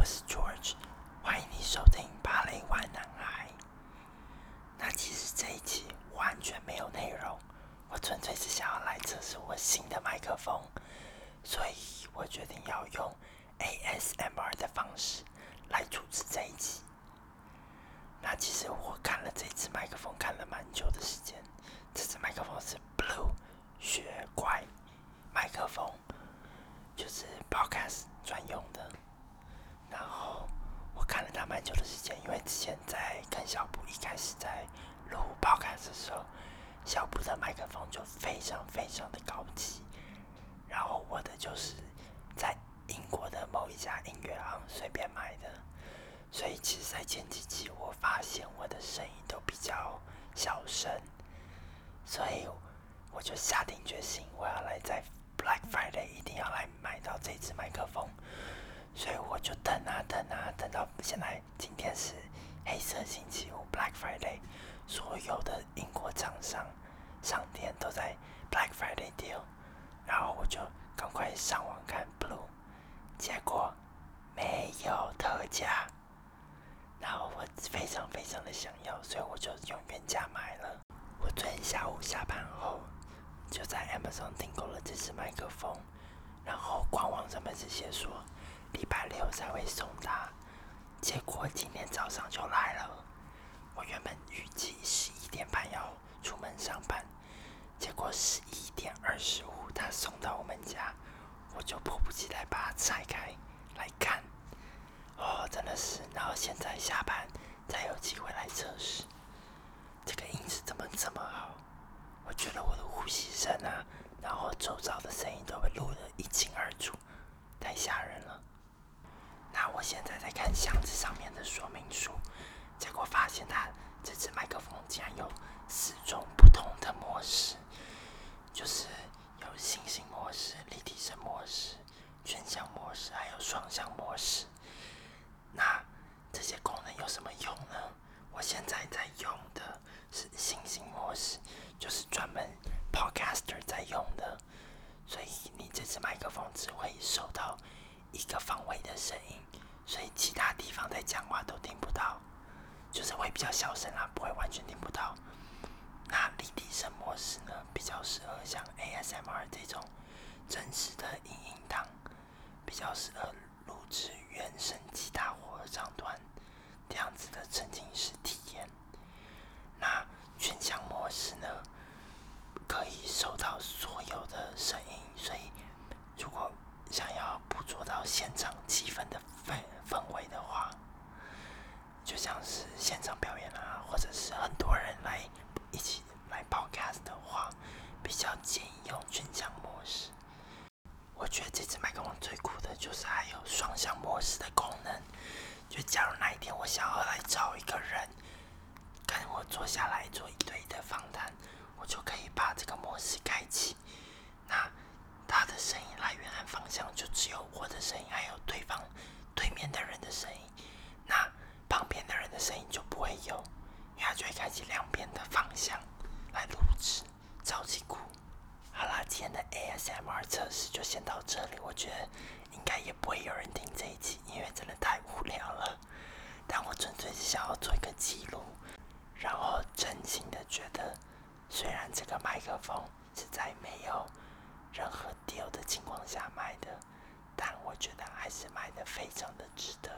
我是 George，歡迎你收聽《芭蕾 why 男孩》。那其實這一期完全沒有內容，我純粹是想要來測試我新的麥克風。小布一開始在錄 podcast 的時候，小布的麥克風就非常非常的高級，然後我的就是在英國的某一家音樂行隨便買的，所以其實在前幾期我發現我的聲音都比較小聲，所以我就下定決心我要來在 Black Friday 一定要來買到這只麥克風，所以我就等。上網看 Blue，結果沒有特價，然後我非常非常的想要，所以我就用原價買了。我昨天下午下班後就在 Amazon 訂購了這只麥克風，然後官網上面是寫說禮拜六才會送達，結果今天早上就來了。我原本預計十一點半要出門上班。拆開來看，哦、oh,，真的是！然後現在下班才有機會來測試，這個音質怎麼這麼好？我覺得我的呼吸聲啊，然後周遭的聲音都會錄得一清二楚，太嚇人了！那我現在在看箱子上面的說明書，結果發現它這支麥克風竟然有四種不同的模式。用的，所以你這隻麥克風只會收到一個方位的聲音，所以其他地方在講話都聽不到，就是會比較小聲啊，不會完全聽不到。那立體聲模式呢，比較適合像 ASMR 這種真實的音音檔，比較適合。就像是現場表演啊，或者是很多人來一起來 podcast 的話，比較建議用全向模式。我覺得這次麥克風最酷的就是還有雙向模式的功能。就假如哪一天我想要來找一個人跟我坐下來做一對一的訪談，我就可以把這個模式開啟。那他的聲音來源和方向就只有我的聲音，還有對方對面的人的聲音。聲音就不會有，因為它就會開啟兩邊的方向來錄製，超級酷。好啦，今天的 ASMR 測試就先到這裡。我覺得應該也不會有人聽這一期，因為真的太無聊了。但我純粹是想要做一個記錄，然後真心的覺得，雖然這個麥克風是在沒有任何 deal 的情況下買的，但我覺得還是買的非常的值得。